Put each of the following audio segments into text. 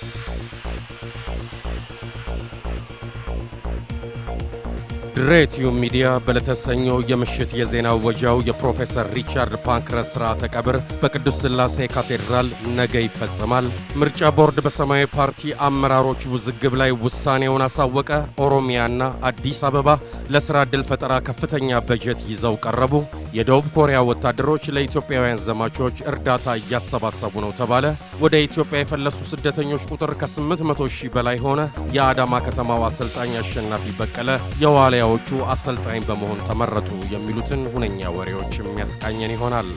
Thank you. ድሬትዩ ሚዲያ በለተሰኘው የምሽት የዜና ወጃው የፕሮፌሰር ሪቻርድ ፓንክረስ ስርዓተ ቀብር በቅዱስ ሥላሴ ካቴድራል ነገ ይፈጸማል። ምርጫ ቦርድ በሰማያዊ ፓርቲ አመራሮች ውዝግብ ላይ ውሳኔውን አሳወቀ። ኦሮሚያና አዲስ አበባ ለሥራ ዕድል ፈጠራ ከፍተኛ በጀት ይዘው ቀረቡ። የደቡብ ኮሪያ ወታደሮች ለኢትዮጵያውያን ዘማቾች እርዳታ እያሰባሰቡ ነው ተባለ። ወደ ኢትዮጵያ የፈለሱ ስደተኞች ቁጥር ከ800 ሺህ በላይ ሆነ። የአዳማ ከተማው አሰልጣኝ አሸናፊ በቀለ የዋልያ ባለሙያዎቹ አሰልጣኝ በመሆን ተመረጡ የሚሉትን ሁነኛ ወሬዎች የሚያስቃኘን ይሆናል።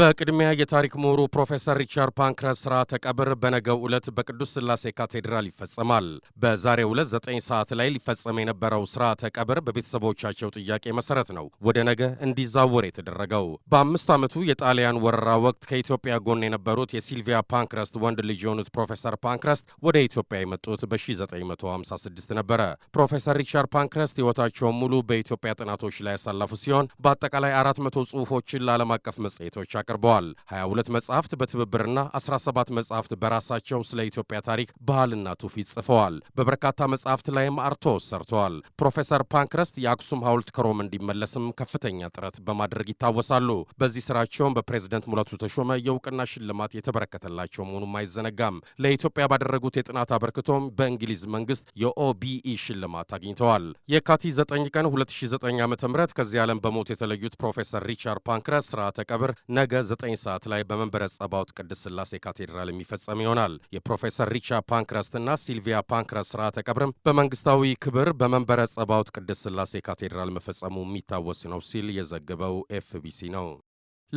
በቅድሚያ የታሪክ ምሁሩ ፕሮፌሰር ሪቻርድ ፓንክረስ ስርዓተ ቀብር በነገው ዕለት በቅዱስ ስላሴ ካቴድራል ይፈጸማል። በዛሬው ዕለት ዘጠኝ ሰዓት ላይ ሊፈጸም የነበረው ስርዓተ ቀብር በቤተሰቦቻቸው ጥያቄ መሰረት ነው ወደ ነገ እንዲዛወር የተደረገው። በአምስት ዓመቱ የጣሊያን ወረራ ወቅት ከኢትዮጵያ ጎን የነበሩት የሲልቪያ ፓንክረስት ወንድ ልጅ የሆኑት ፕሮፌሰር ፓንክረስት ወደ ኢትዮጵያ የመጡት በ1956 ነበረ። ፕሮፌሰር ሪቻርድ ፓንክረስት ሕይወታቸውን ሙሉ በኢትዮጵያ ጥናቶች ላይ ያሳለፉ ሲሆን በአጠቃላይ አራት መቶ ጽሑፎችን ለዓለም አቀፍ መጽሔቶች አቅርበዋል። 22 መጽሐፍት በትብብርና 17 መጽሐፍት በራሳቸው ስለ ኢትዮጵያ ታሪክ ባህልና ትውፊት ጽፈዋል። በበርካታ መጽሐፍት ላይም አርቶስ ሰርተዋል። ፕሮፌሰር ፓንክረስት የአክሱም ሐውልት ከሮም እንዲመለስም ከፍተኛ ጥረት በማድረግ ይታወሳሉ። በዚህ ስራቸውም በፕሬዝደንት ሙላቱ ተሾመ የእውቅና ሽልማት የተበረከተላቸው መሆኑም አይዘነጋም። ለኢትዮጵያ ባደረጉት የጥናት አበርክቶም በእንግሊዝ መንግስት የኦቢኢ ሽልማት አግኝተዋል። የካቲ 9 ቀን 2009 ዓ ም ከዚህ ዓለም በሞት የተለዩት ፕሮፌሰር ሪቻርድ ፓንክረስት ስርዓተ ቀብር ነገ 9 ሰዓት ላይ በመንበረ ጸባዖት ቅድስት ሥላሴ ካቴድራል የሚፈጸም ይሆናል። የፕሮፌሰር ሪቻ እና ሲልቪያ ፓንክረስት ስርዓተ ቀብርም በመንግስታዊ ክብር በመንበረ ጸባዖት ቅድስት ሥላሴ ካቴድራል መፈጸሙ የሚታወስ ነው ሲል የዘገበው ኤፍቢሲ ነው።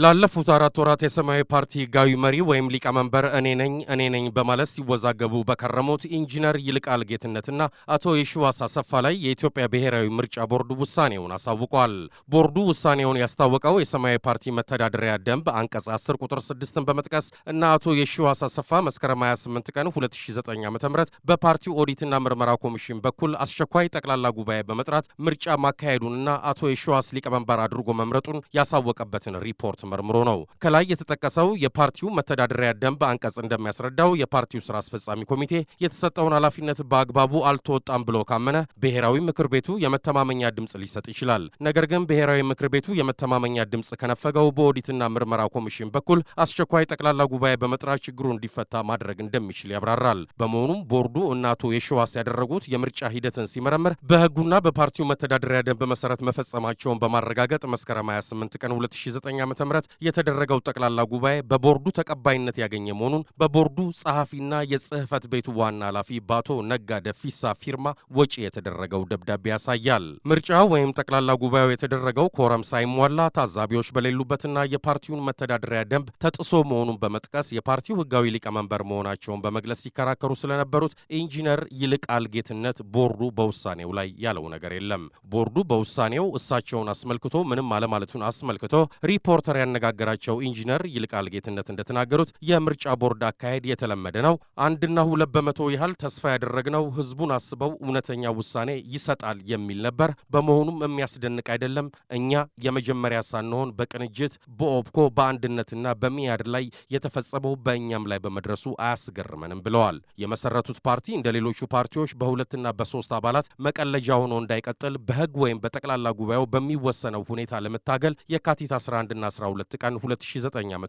ላለፉት አራት ወራት የሰማያዊ ፓርቲ ጋዊ መሪ ወይም ሊቀመንበር እኔ ነኝ እኔ ነኝ በማለት ሲወዛገቡ በከረሙት ኢንጂነር ይልቃል ጌትነትና አቶ የሽዋስ አሰፋ ላይ የኢትዮጵያ ብሔራዊ ምርጫ ቦርድ ውሳኔውን አሳውቋል። ቦርዱ ውሳኔውን ያስታወቀው የሰማያዊ ፓርቲ መተዳደሪያ ደንብ አንቀጽ 10 ቁጥር 6ን በመጥቀስ እና አቶ የሽዋስ አሰፋ መስከረም 28 ቀን 2009 ዓ ም በፓርቲው ኦዲትና ምርመራ ኮሚሽን በኩል አስቸኳይ ጠቅላላ ጉባኤ በመጥራት ምርጫ ማካሄዱንና አቶ የሽዋስ ሊቀመንበር አድርጎ መምረጡን ያሳወቀበትን ሪፖርት ሪፖርት መርምሮ ነው። ከላይ የተጠቀሰው የፓርቲው መተዳደሪያ ደንብ አንቀጽ እንደሚያስረዳው የፓርቲው ስራ አስፈጻሚ ኮሚቴ የተሰጠውን ኃላፊነት በአግባቡ አልተወጣም ብሎ ካመነ ብሔራዊ ምክር ቤቱ የመተማመኛ ድምፅ ሊሰጥ ይችላል። ነገር ግን ብሔራዊ ምክር ቤቱ የመተማመኛ ድምፅ ከነፈገው በኦዲትና ምርመራ ኮሚሽን በኩል አስቸኳይ ጠቅላላ ጉባኤ በመጥራት ችግሩ እንዲፈታ ማድረግ እንደሚችል ያብራራል። በመሆኑም ቦርዱ እና አቶ የሸዋስ ያደረጉት የምርጫ ሂደትን ሲመረምር በህጉና በፓርቲው መተዳደሪያ ደንብ መሰረት መፈጸማቸውን በማረጋገጥ መስከረም 28 ቀን 2009 ዓ የተደረገው ጠቅላላ ጉባኤ በቦርዱ ተቀባይነት ያገኘ መሆኑን በቦርዱ ጸሐፊና የጽህፈት ቤቱ ዋና ኃላፊ በአቶ ነጋ ደፊሳ ፊርማ ወጪ የተደረገው ደብዳቤ ያሳያል። ምርጫው ወይም ጠቅላላ ጉባኤው የተደረገው ኮረም ሳይሟላ ታዛቢዎች በሌሉበትና የፓርቲውን መተዳደሪያ ደንብ ተጥሶ መሆኑን በመጥቀስ የፓርቲው ህጋዊ ሊቀመንበር መሆናቸውን በመግለጽ ሲከራከሩ ስለነበሩት ኢንጂነር ይልቃል ጌትነት ቦርዱ በውሳኔው ላይ ያለው ነገር የለም። ቦርዱ በውሳኔው እሳቸውን አስመልክቶ ምንም አለማለቱን አስመልክቶ ሪፖርተር ያነጋገራቸው ኢንጂነር ይልቃል ጌትነት እንደተናገሩት የምርጫ ቦርድ አካሄድ የተለመደ ነው። አንድና ሁለት በመቶ ያህል ተስፋ ያደረግነው ህዝቡን አስበው እውነተኛ ውሳኔ ይሰጣል የሚል ነበር። በመሆኑም የሚያስደንቅ አይደለም። እኛ የመጀመሪያ ሳንሆን በቅንጅት በኦብኮ በአንድነትና በሚያድ ላይ የተፈጸመው በእኛም ላይ በመድረሱ አያስገርመንም ብለዋል። የመሰረቱት ፓርቲ እንደ ሌሎቹ ፓርቲዎች በሁለትና በሶስት አባላት መቀለጃ ሆኖ እንዳይቀጥል በህግ ወይም በጠቅላላ ጉባኤው በሚወሰነው ሁኔታ ለመታገል የካቲት 11ና 12 ቀን 2009 ዓ.ም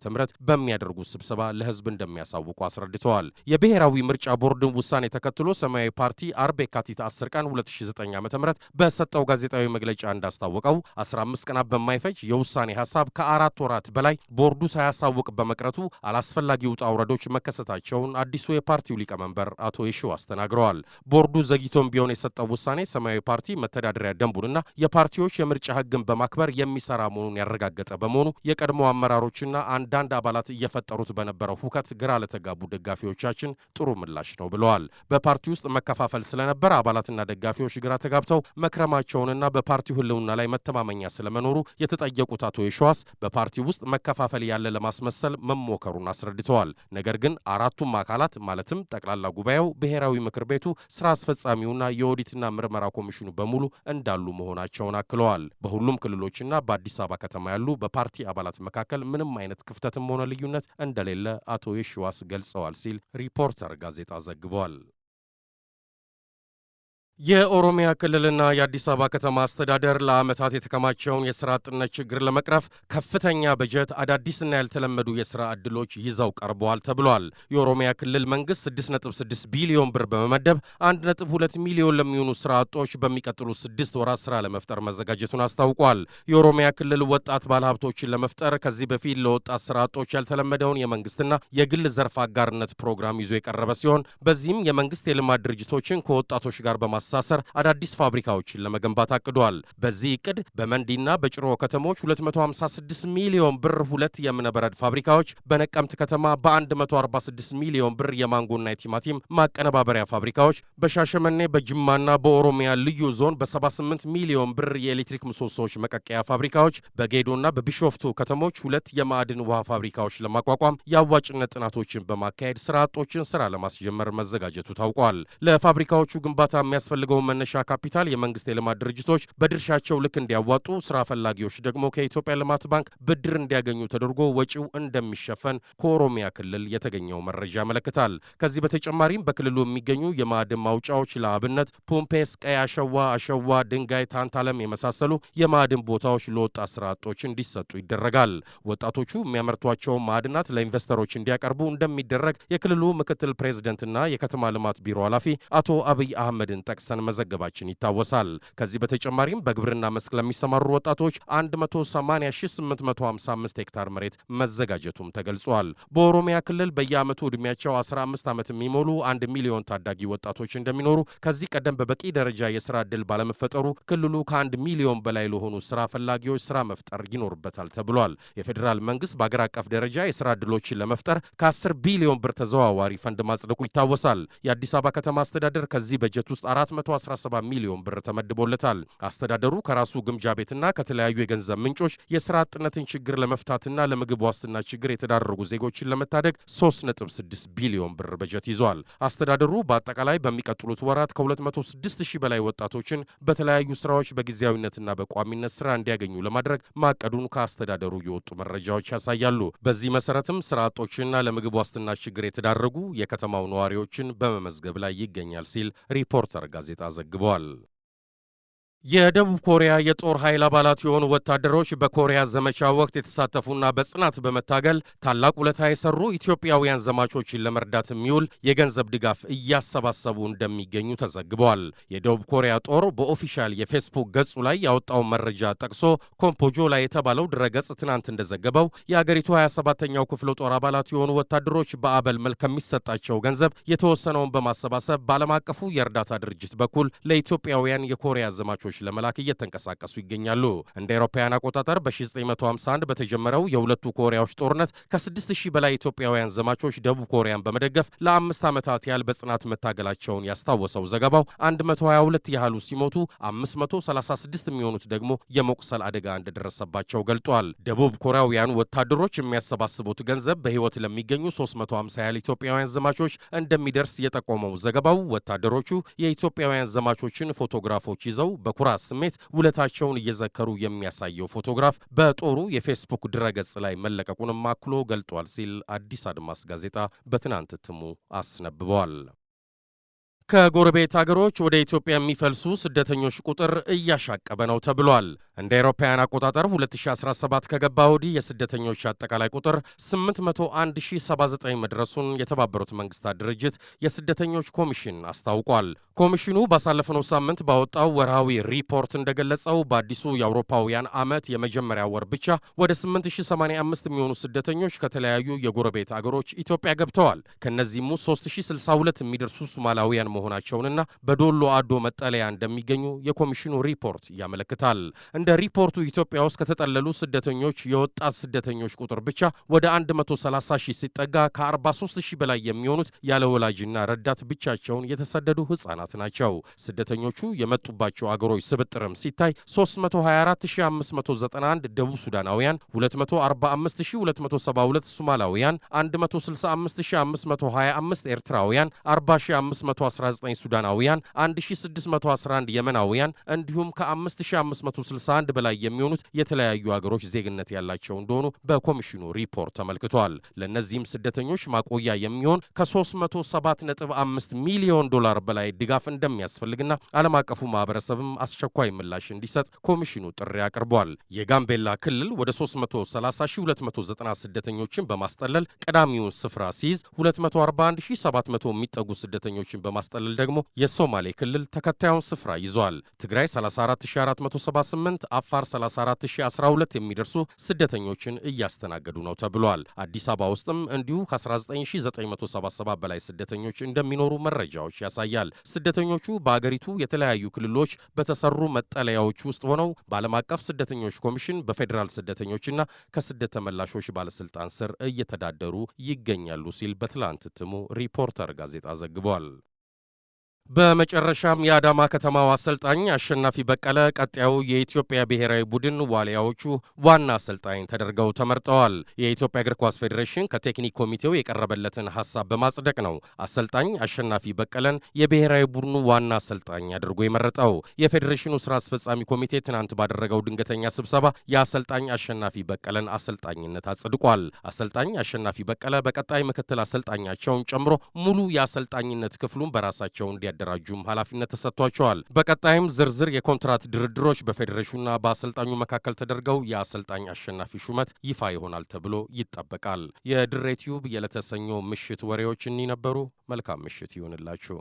በሚያደርጉት ስብሰባ ለህዝብ እንደሚያሳውቁ አስረድተዋል። የብሔራዊ ምርጫ ቦርድን ውሳኔ ተከትሎ ሰማያዊ ፓርቲ አርብ የካቲት 10 ቀን 2009 ዓ.ም በሰጠው ጋዜጣዊ መግለጫ እንዳስታወቀው 15 ቀናት በማይፈጅ የውሳኔ ሀሳብ ከአራት ወራት በላይ ቦርዱ ሳያሳውቅ በመቅረቱ አላስፈላጊ ውጣ ውረዶች መከሰታቸውን አዲሱ የፓርቲው ሊቀመንበር አቶ የሺዋስ ተናግረዋል። ቦርዱ ዘግይቶም ቢሆን የሰጠው ውሳኔ ሰማያዊ ፓርቲ መተዳደሪያ ደንቡንና የፓርቲዎች የምርጫ ህግን በማክበር የሚሰራ መሆኑን ያረጋገጠ በመሆኑ የቀድሞ አመራሮችና አንዳንድ አባላት እየፈጠሩት በነበረው ሁከት ግራ ለተጋቡ ደጋፊዎቻችን ጥሩ ምላሽ ነው ብለዋል። በፓርቲ ውስጥ መከፋፈል ስለነበር አባላትና ደጋፊዎች ግራ ተጋብተው መክረማቸውንና በፓርቲው ሕልውና ላይ መተማመኛ ስለመኖሩ የተጠየቁት አቶ የሸዋስ በፓርቲ ውስጥ መከፋፈል ያለ ለማስመሰል መሞከሩን አስረድተዋል። ነገር ግን አራቱም አካላት ማለትም ጠቅላላ ጉባኤው፣ ብሔራዊ ምክር ቤቱ፣ ስራ አስፈጻሚውና የኦዲትና ምርመራ ኮሚሽኑ በሙሉ እንዳሉ መሆናቸውን አክለዋል። በሁሉም ክልሎችና በአዲስ አበባ ከተማ ያሉ በፓርቲ አባ አባላት መካከል ምንም አይነት ክፍተትም ሆነ ልዩነት እንደሌለ አቶ የሽዋስ ገልጸዋል ሲል ሪፖርተር ጋዜጣ ዘግቧል። የኦሮሚያ ክልልና የአዲስ አበባ ከተማ አስተዳደር ለዓመታት የተከማቸውን የስራ አጥነት ችግር ለመቅረፍ ከፍተኛ በጀት አዳዲስና ያልተለመዱ የስራ ዕድሎች ይዘው ቀርበዋል ተብሏል። የኦሮሚያ ክልል መንግስት 6.6 ቢሊዮን ብር በመመደብ 1.2 ሚሊዮን ለሚሆኑ ስራ አጦች በሚቀጥሉ ስድስት ወራት ስራ ለመፍጠር መዘጋጀቱን አስታውቋል። የኦሮሚያ ክልል ወጣት ባለሀብቶችን ለመፍጠር ከዚህ በፊት ለወጣት ስራ አጦች ያልተለመደውን የመንግስትና የግል ዘርፍ አጋርነት ፕሮግራም ይዞ የቀረበ ሲሆን በዚህም የመንግስት የልማት ድርጅቶችን ከወጣቶች ጋር በማ በማስተሳሰር አዳዲስ ፋብሪካዎችን ለመገንባት አቅዷል። በዚህ እቅድ በመንዲና በጭሮ ከተሞች 256 ሚሊዮን ብር ሁለት የእብነበረድ ፋብሪካዎች፣ በነቀምት ከተማ በ146 ሚሊዮን ብር የማንጎና የቲማቲም ማቀነባበሪያ ፋብሪካዎች፣ በሻሸመኔ በጅማና በኦሮሚያ ልዩ ዞን በ78 ሚሊዮን ብር የኤሌክትሪክ ምሰሶዎች መቀቀያ ፋብሪካዎች፣ በጌዶና በቢሾፍቱ ከተሞች ሁለት የማዕድን ውሃ ፋብሪካዎች ለማቋቋም የአዋጭነት ጥናቶችን በማካሄድ ስራ አጦችን ስራ ለማስጀመር መዘጋጀቱ ታውቋል። ለፋብሪካዎቹ ግንባታ የሚያስፈልግ የሚያስፈልገውን መነሻ ካፒታል የመንግስት የልማት ድርጅቶች በድርሻቸው ልክ እንዲያዋጡ፣ ስራ ፈላጊዎች ደግሞ ከኢትዮጵያ ልማት ባንክ ብድር እንዲያገኙ ተደርጎ ወጪው እንደሚሸፈን ከኦሮሚያ ክልል የተገኘው መረጃ ያመለክታል። ከዚህ በተጨማሪም በክልሉ የሚገኙ የማዕድን ማውጫዎች ለአብነት ፖምፔስ፣ ቀይ አሸዋ፣ አሸዋ ድንጋይ፣ ታንታለም የመሳሰሉ የማዕድን ቦታዎች ለወጣት ስራ አጦች እንዲሰጡ ይደረጋል። ወጣቶቹ የሚያመርቷቸውን ማዕድናት ለኢንቨስተሮች እንዲያቀርቡ እንደሚደረግ የክልሉ ምክትል ፕሬዚደንትና የከተማ ልማት ቢሮ ኃላፊ አቶ አብይ አህመድን ጠቅሰ ጠቅሰን መዘገባችን ይታወሳል። ከዚህ በተጨማሪም በግብርና መስክ ለሚሰማሩ ወጣቶች 180855 ሄክታር መሬት መዘጋጀቱም ተገልጿል። በኦሮሚያ ክልል በየዓመቱ ዕድሜያቸው 15 ዓመት የሚሞሉ አንድ ሚሊዮን ታዳጊ ወጣቶች እንደሚኖሩ ከዚህ ቀደም በበቂ ደረጃ የስራ ዕድል ባለመፈጠሩ ክልሉ ከአንድ ሚሊዮን በላይ ለሆኑ ስራ ፈላጊዎች ስራ መፍጠር ይኖርበታል ተብሏል። የፌዴራል መንግስት በአገር አቀፍ ደረጃ የስራ ዕድሎችን ለመፍጠር ከ10 ቢሊዮን ብር ተዘዋዋሪ ፈንድ ማጽደቁ ይታወሳል። የአዲስ አበባ ከተማ አስተዳደር ከዚህ በጀት ውስጥ አራት 417 ሚሊዮን ብር ተመድቦለታል። አስተዳደሩ ከራሱ ግምጃ ቤትና ከተለያዩ የገንዘብ ምንጮች የስራ አጥነትን ችግር ለመፍታትና ለምግብ ዋስትና ችግር የተዳረጉ ዜጎችን ለመታደግ 3.6 ቢሊዮን ብር በጀት ይዟል። አስተዳደሩ በአጠቃላይ በሚቀጥሉት ወራት ከ206 ሺህ በላይ ወጣቶችን በተለያዩ ስራዎች በጊዜያዊነትና በቋሚነት ስራ እንዲያገኙ ለማድረግ ማቀዱን ከአስተዳደሩ የወጡ መረጃዎች ያሳያሉ። በዚህ መሰረትም ስራ አጦችና ለምግብ ዋስትና ችግር የተዳረጉ የከተማው ነዋሪዎችን በመመዝገብ ላይ ይገኛል ሲል ሪፖርተር ጋር ጋዜጣ ዘግቧል። የደቡብ ኮሪያ የጦር ኃይል አባላት የሆኑ ወታደሮች በኮሪያ ዘመቻ ወቅት የተሳተፉና በጽናት በመታገል ታላቅ ውለታ የሰሩ ኢትዮጵያውያን ዘማቾችን ለመርዳት የሚውል የገንዘብ ድጋፍ እያሰባሰቡ እንደሚገኙ ተዘግበዋል። የደቡብ ኮሪያ ጦር በኦፊሻል የፌስቡክ ገጹ ላይ ያወጣውን መረጃ ጠቅሶ ኮምፖጆ ላይ የተባለው ድረገጽ ትናንት እንደዘገበው የአገሪቱ 27ኛው ክፍለ ጦር አባላት የሆኑ ወታደሮች በአበል መልክ ከሚሰጣቸው ገንዘብ የተወሰነውን በማሰባሰብ በዓለም አቀፉ የእርዳታ ድርጅት በኩል ለኢትዮጵያውያን የኮሪያ ዘማቾች ወጣቶች ለመላክ እየተንቀሳቀሱ ይገኛሉ። እንደ አውሮፓውያን አቆጣጠር በ1951 በተጀመረው የሁለቱ ኮሪያዎች ጦርነት ከ6000 በላይ ኢትዮጵያውያን ዘማቾች ደቡብ ኮሪያን በመደገፍ ለአምስት ዓመታት ያህል በጽናት መታገላቸውን ያስታወሰው ዘገባው 122 ያህሉ ሲሞቱ 536 የሚሆኑት ደግሞ የመቁሰል አደጋ እንደደረሰባቸው ገልጧል። ደቡብ ኮሪያውያኑ ወታደሮች የሚያሰባስቡት ገንዘብ በሕይወት ለሚገኙ 350 ያህል ኢትዮጵያውያን ዘማቾች እንደሚደርስ የጠቆመው ዘገባው ወታደሮቹ የኢትዮጵያውያን ዘማቾችን ፎቶግራፎች ይዘው በኩራት ስሜት ውለታቸውን እየዘከሩ የሚያሳየው ፎቶግራፍ በጦሩ የፌስቡክ ድረገጽ ላይ መለቀቁንም አክሎ ገልጧል ሲል አዲስ አድማስ ጋዜጣ በትናንት እትሙ አስነብበዋል። ከጎረቤት አገሮች ወደ ኢትዮጵያ የሚፈልሱ ስደተኞች ቁጥር እያሻቀበ ነው ተብሏል። እንደ አውሮፓውያን አቆጣጠር 2017 ከገባ ወዲህ የስደተኞች አጠቃላይ ቁጥር 801079 መድረሱን የተባበሩት መንግስታት ድርጅት የስደተኞች ኮሚሽን አስታውቋል። ኮሚሽኑ ባሳለፍነው ሳምንት ባወጣው ወርሃዊ ሪፖርት እንደገለጸው በአዲሱ የአውሮፓውያን ዓመት የመጀመሪያ ወር ብቻ ወደ 8085 የሚሆኑ ስደተኞች ከተለያዩ የጎረቤት አገሮች ኢትዮጵያ ገብተዋል። ከእነዚህም 3062 የሚደርሱ ሶማሊያውያን መሆናቸውንና በዶሎ አዶ መጠለያ እንደሚገኙ የኮሚሽኑ ሪፖርት ያመለክታል። እንደ ሪፖርቱ ኢትዮጵያ ውስጥ ከተጠለሉ ስደተኞች የወጣት ስደተኞች ቁጥር ብቻ ወደ 130 ሺህ ሲጠጋ ከ43 ሺህ በላይ የሚሆኑት ያለ ወላጅና ረዳት ብቻቸውን የተሰደዱ ህጻናት ናቸው። ስደተኞቹ የመጡባቸው አገሮች ስብጥርም ሲታይ 324591 ደቡብ ሱዳናውያን፣ 245272 ሶማላውያን፣ 165525 ኤርትራውያን፣ 40519 ሱዳናውያን፣ 1611 የመናውያን እንዲሁም ከ5561 ከአንድ በላይ የሚሆኑት የተለያዩ ሀገሮች ዜግነት ያላቸው እንደሆኑ በኮሚሽኑ ሪፖርት ተመልክቷል። ለእነዚህም ስደተኞች ማቆያ የሚሆን ከ375 ሚሊዮን ዶላር በላይ ድጋፍ እንደሚያስፈልግና ዓለም አቀፉ ማህበረሰብም አስቸኳይ ምላሽ እንዲሰጥ ኮሚሽኑ ጥሪ አቅርቧል። የጋምቤላ ክልል ወደ 330290 ስደተኞችን በማስጠለል ቀዳሚውን ስፍራ ሲይዝ 241700 የሚጠጉ ስደተኞችን በማስጠለል ደግሞ የሶማሌ ክልል ተከታዩን ስፍራ ይዟል። ትግራይ 34478 38 አፋር 34012 የሚደርሱ ስደተኞችን እያስተናገዱ ነው ተብሏል። አዲስ አበባ ውስጥም እንዲሁ ከ19977 በላይ ስደተኞች እንደሚኖሩ መረጃዎች ያሳያል። ስደተኞቹ በአገሪቱ የተለያዩ ክልሎች በተሰሩ መጠለያዎች ውስጥ ሆነው በዓለም አቀፍ ስደተኞች ኮሚሽን በፌዴራል ስደተኞችና ከስደት ተመላሾች ባለስልጣን ስር እየተዳደሩ ይገኛሉ ሲል በትላንት እትሙ ሪፖርተር ጋዜጣ ዘግቧል። በመጨረሻም የአዳማ ከተማው አሰልጣኝ አሸናፊ በቀለ ቀጣዩ የኢትዮጵያ ብሔራዊ ቡድን ዋልያዎቹ ዋና አሰልጣኝ ተደርገው ተመርጠዋል። የኢትዮጵያ እግር ኳስ ፌዴሬሽን ከቴክኒክ ኮሚቴው የቀረበለትን ሀሳብ በማጽደቅ ነው አሰልጣኝ አሸናፊ በቀለን የብሔራዊ ቡድኑ ዋና አሰልጣኝ አድርጎ የመረጠው። የፌዴሬሽኑ ስራ አስፈጻሚ ኮሚቴ ትናንት ባደረገው ድንገተኛ ስብሰባ የአሰልጣኝ አሸናፊ በቀለን አሰልጣኝነት አጽድቋል። አሰልጣኝ አሸናፊ በቀለ በቀጣይ ምክትል አሰልጣኛቸውን ጨምሮ ሙሉ የአሰልጣኝነት ክፍሉን በራሳቸው እንዲያ እንዲያደራጁም ኃላፊነት ተሰጥቷቸዋል። በቀጣይም ዝርዝር የኮንትራት ድርድሮች በፌዴሬሽኑና በአሰልጣኙ መካከል ተደርገው የአሰልጣኝ አሸናፊ ሹመት ይፋ ይሆናል ተብሎ ይጠበቃል። የድሬ ቲዩብ ምሽት ወሬዎች እኒ ነበሩ። መልካም ምሽት ይሆንላችሁ።